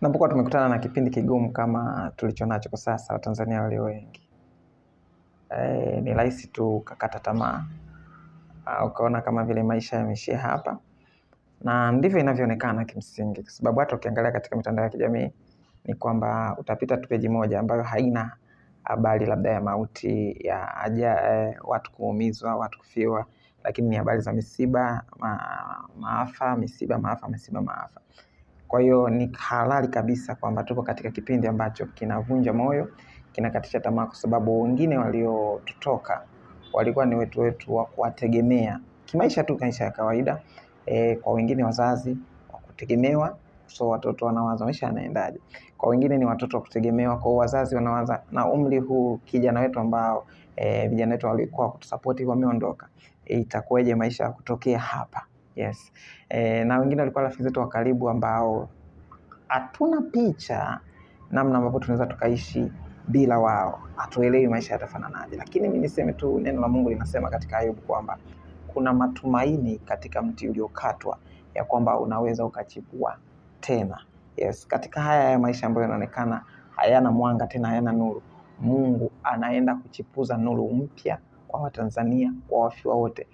Napokuwa tumekutana na kipindi kigumu kama tulichonacho kwa sasa, Watanzania walio wengi e, ni rahisi tu ukakata tamaa ah, ukaona kama vile maisha yameishia hapa, na ndivyo inavyoonekana kimsingi, kwa sababu hata ukiangalia katika mitandao ya kijamii ni kwamba utapita tu peji moja ambayo haina habari labda ya mauti ya aja, eh, watu kuumizwa, watu kufiwa, lakini ni habari za misiba ma, maafa, misiba, maafa, misiba, maafa. Kwa hiyo ni halali kabisa kwamba tupo katika kipindi ambacho kinavunja moyo, kinakatisha tamaa, kwa sababu wengine waliotutoka walikuwa ni wetu wetu wa kuwategemea kimaisha tu, maisha ya kawaida e, kwa wengine wazazi wa kutegemewa so watoto wanawaza maisha yanaendaje. Kwa wengine ni watoto wa kutegemewa, kwa wazazi wanawaza na umri huu kijana wetu ambao e, vijana e, wetu walikuwa kutusapoti wameondoka, itakuwaje maisha ya kutokea hapa? Yes. E, na wengine walikuwa rafiki zetu wa karibu ambao hatuna picha namna ambavyo tunaweza tukaishi bila wao, hatuelewi maisha yatafananaje. Lakini mimi niseme tu neno la Mungu linasema katika Ayubu kwamba kuna matumaini katika mti uliokatwa, ya kwamba unaweza ukachipua tena. Yes, katika haya ya maisha ambayo yanaonekana hayana mwanga tena, hayana nuru, Mungu anaenda kuchipuza nuru mpya kwa Watanzania, kwa wafiwa wote.